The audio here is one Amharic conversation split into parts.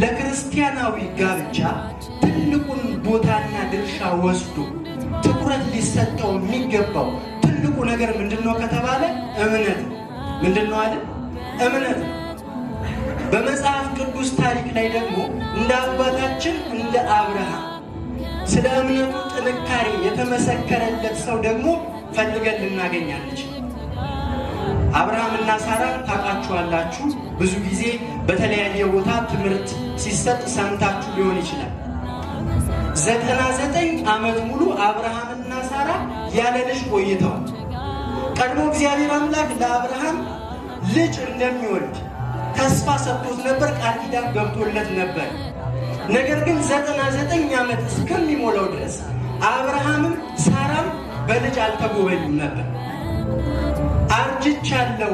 ለክርስቲያናዊ ጋብቻ ትልቁን ቦታና ድርሻ ወስዶ ትኩረት ሊሰጠው የሚገባው ትልቁ ነገር ምንድነው ከተባለ እምነት ነው። ምንድነው አለ? እምነት በመጽሐፍ ቅዱስ ታሪክ ላይ ደግሞ እንደ አባታችን እንደ አብርሃም ስለ እምነቱ ጥንካሬ የተመሰከረለት ሰው ደግሞ ፈልገን ልናገኛለች። አብርሃምና ሳራ ታውቃችኋላችሁ። ብዙ ጊዜ በተለያየ ቦታ ትምህርት ሲሰጥ ሰምታችሁ ሊሆን ይችላል። ዘጠና ዘጠኝ ዓመት ሙሉ አብርሃምና ሳራ ያለ ልጅ ቆይተዋል። ቀድሞ እግዚአብሔር አምላክ ለአብርሃም ልጅ እንደሚወልድ ተስፋ ሰጥቶት ነበር፣ ቃል ኪዳን ገብቶለት ነበር። ነገር ግን ዘጠና ዘጠኝ ዓመት እስከሚሞላው ድረስ አብርሃምም ሳራም በልጅ አልተጎበኙም ነበር። ዋጅቻለሁ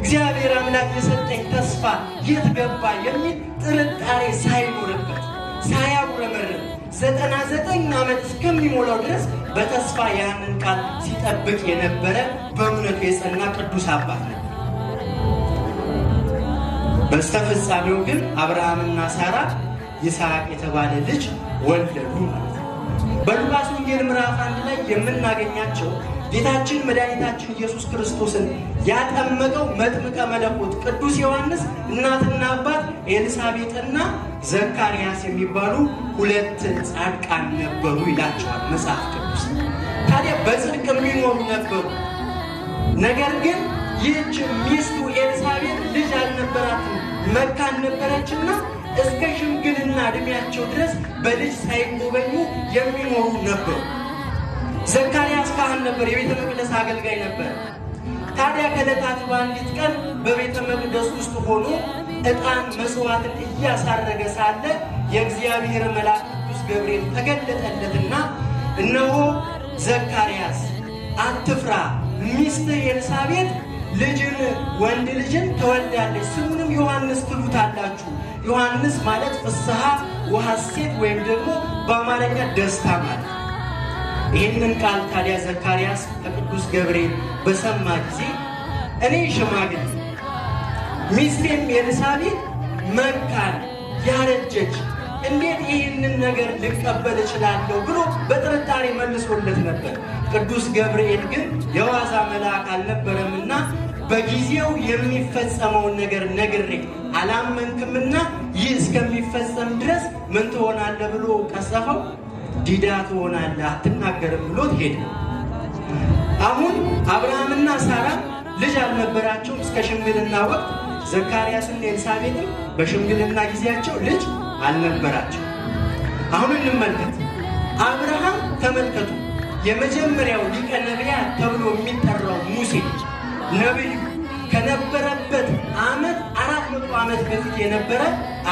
እግዚአብሔር አምላክ የሰጠኝ ተስፋ የት ገባ የሚል ጥርጣሬ ሳይኖርበት ሳያጉረመርም ዘጠና ዘጠኝ ዓመት እስከሚሞላው ድረስ በተስፋ ያንን ቃል ሲጠብቅ የነበረ በእውነቱ የጸና ቅዱስ አባት ነው። በስተ ፍጻሜው ግን አብርሃምና ሳራ ይስሐቅ የተባለ ልጅ ወለዱ ማለት ነው። በሉቃስ ወንጌል ምዕራፍ አንድ ላይ የምናገኛቸው ጌታችን መድኃኒታችን ኢየሱስ ክርስቶስን ያጠመቀው መጥምቀ መለኮት ቅዱስ ዮሐንስ እናትና አባት ኤልሳቤጥና ዘካርያስ የሚባሉ ሁለት ጻድቃን ነበሩ ይላቸዋል መጽሐፍ ቅዱስ። ታዲያ በጽድቅ የሚኖሩ ነበሩ። ነገር ግን ይህች ሚስቱ ኤልሳቤጥ ልጅ አልነበራትም፣ መካን ነበረችና እስከ ሽምግልና እድሜያቸው ድረስ በልጅ ሳይጎበኙ የሚኖሩ ነበሩ። ዘካርያስ ካህን ነበር፣ የቤተ መቅደስ አገልጋይ ነበር። ታዲያ ከዕለታት በአንዲት ቀን በቤተ መቅደስ ውስጥ ሆኖ ዕጣን መስዋዕትን እያሳረገ ሳለ የእግዚአብሔር መልአክ ቅዱስ ገብርኤል ተገለጠለትና እነሆ ዘካርያስ አትፍራ፣ ሚስትህ ኤልሳቤጥ ልጅን ወንድ ልጅን ትወልዳለች ስሙንም ዮሐንስ ትሉታላችሁ። ዮሐንስ ማለት ፍስሐ ወሐሴት ወይም ደግሞ በአማርኛ ደስታ ማለት። ይህንን ቃል ታዲያ ዘካርያስ ከቅዱስ ገብርኤል በሰማ ጊዜ እኔ ሽማግሌ ሚስቴም ኤልሳቤጥ መካን ያረጀች እንዴት ይህንን ነገር ልቀበል እችላለሁ ብሎ በጥርጣሬ መልሶለት ነበር። ቅዱስ ገብርኤል ግን የዋዛ መልአክ አልነበረምና በጊዜው የሚፈጸመውን ነገር ነግሬ አላመንክምና ይህ እስከሚፈጸም ድረስ ምን ትሆናለህ ብሎ ቀሰፈው። ዲዳ ትሆናለህ፣ አትናገርም ብሎት ሄደ። አሁን አብርሃምና ሳራ ልጅ አልነበራቸው እስከ ሽምግልና ወቅት። ዘካርያስና ኤልሳቤጥም በሽምግልና ጊዜያቸው ልጅ አልነበራቸው። አሁን እንመልከት። አብርሃም ተመልከቱ፣ የመጀመሪያው ሊቀ ነቢያት ተብሎ የሚጠራው ሙሴ ነቢዩ ከነበረበት ዓመት አራት መቶ ዓመት በፊት የነበረ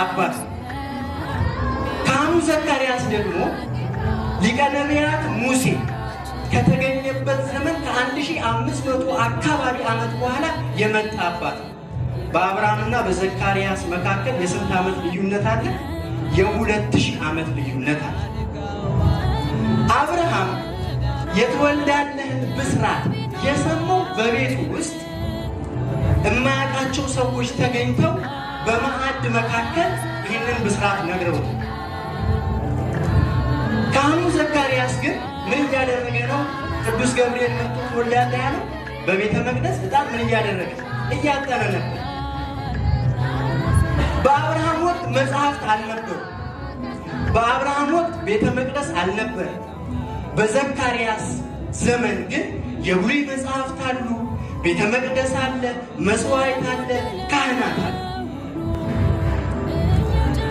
አባት ነው። ካህኑ ዘካርያስ ደግሞ ሊቀ ነቢያት ሙሴ ከተገኘበት ዘመን ከአንድ ሺህ አምስት መቶ አካባቢ ዓመት በኋላ የመጣ አባት ነው። በአብርሃምና በዘካርያስ መካከል የስንት ዓመት ልዩነት አለ? የሁለት ሺህ ዓመት ልዩነት አለ። አብርሃም የተወልዳለህን ብስራት የሰማው በቤቱ ውስጥ የማያውቃቸው ሰዎች ተገኝተው በማዕድ መካከል ይህንን ብስራት ነግረውት ካህኑ ዘካርያስ ግን ምን እያደረገ ነው? ቅዱስ ገብርኤል መጥቶ ትወልዳለህ ያለው በቤተ መቅደስ በጣም ምን እያደረገ እያጠነ ነበር። በአብርሃም ወቅት መጽሐፍት አልነበሩ። በአብርሃም ወቅት ቤተ መቅደስ አልነበረ። በዘካርያስ ዘመን ግን የብሉይ መጽሐፍት አሉ፣ ቤተ መቅደስ አለ፣ መስዋዕት አለ፣ ካህናት አለ።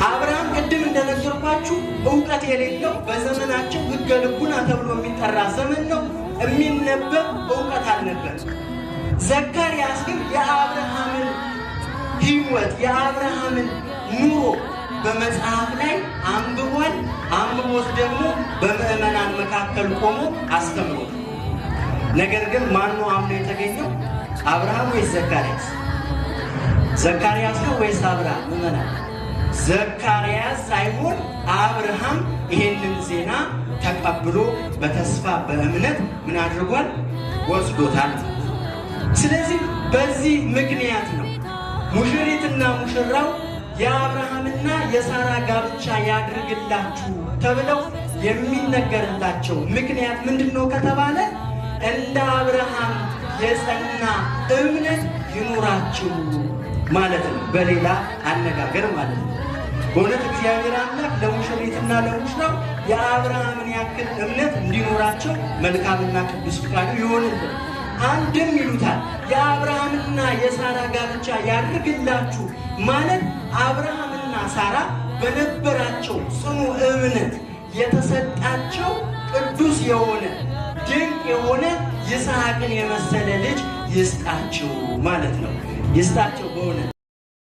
አብርሃም ቅድም እንደነገርኳችሁ እውቀት የሌለው በዘመናቸው ሕገ ልቡና ተብሎ የሚጠራ ዘመን ነው። የሚነበብ እውቀት አልነበር። ዘካርያስ ግን የአብርሃምን ህይወት የአብርሃምን ኑሮ በመጽሐፍ ላይ አንብቧል። አንብቦት ደግሞ በምዕመናን መካከል ቆሞ አስተምሮት። ነገር ግን ማኖ አምኖ የተገኘው አብርሃም ወይስ ዘካርያስ? ዘካርያስ ነው ወይስ አብርሃም? ምዕመናን ዘካርያስ ሳይሆን አብርሃም ይሄንን ዜና ተቀብሎ በተስፋ በእምነት ምን አድርጓል? ወስዶታል። ስለዚህ በዚህ ምክንያት ነው ሙሽሪትና ሙሽራው የአብርሃምና የሳራ ጋብቻ ያድርግላችሁ ተብለው የሚነገርላቸው ምክንያት ምንድን ነው ከተባለ እንደ አብርሃም የጸና እምነት ይኑራችሁ ማለት ነው። በሌላ አነጋገር ማለት ነው። በእውነት እግዚአብሔር አምላክ ለሙሽሪትና ለሙሽራው የአብርሃምን ያክል እምነት እንዲኖራቸው መልካምና ቅዱስ ፍቃዱ ይሆንልን። አንድም ይሉታል የአብርሃምና የሳራ ጋብቻ ያድርግላችሁ ማለት አብርሃምና ሳራ በነበራቸው ጽኑ እምነት የተሰጣቸው ቅዱስ የሆነ ድንቅ የሆነ ይስሐቅን የመሰለ ልጅ ይስጣችሁ ማለት ነው። ይስጣቸው በእውነት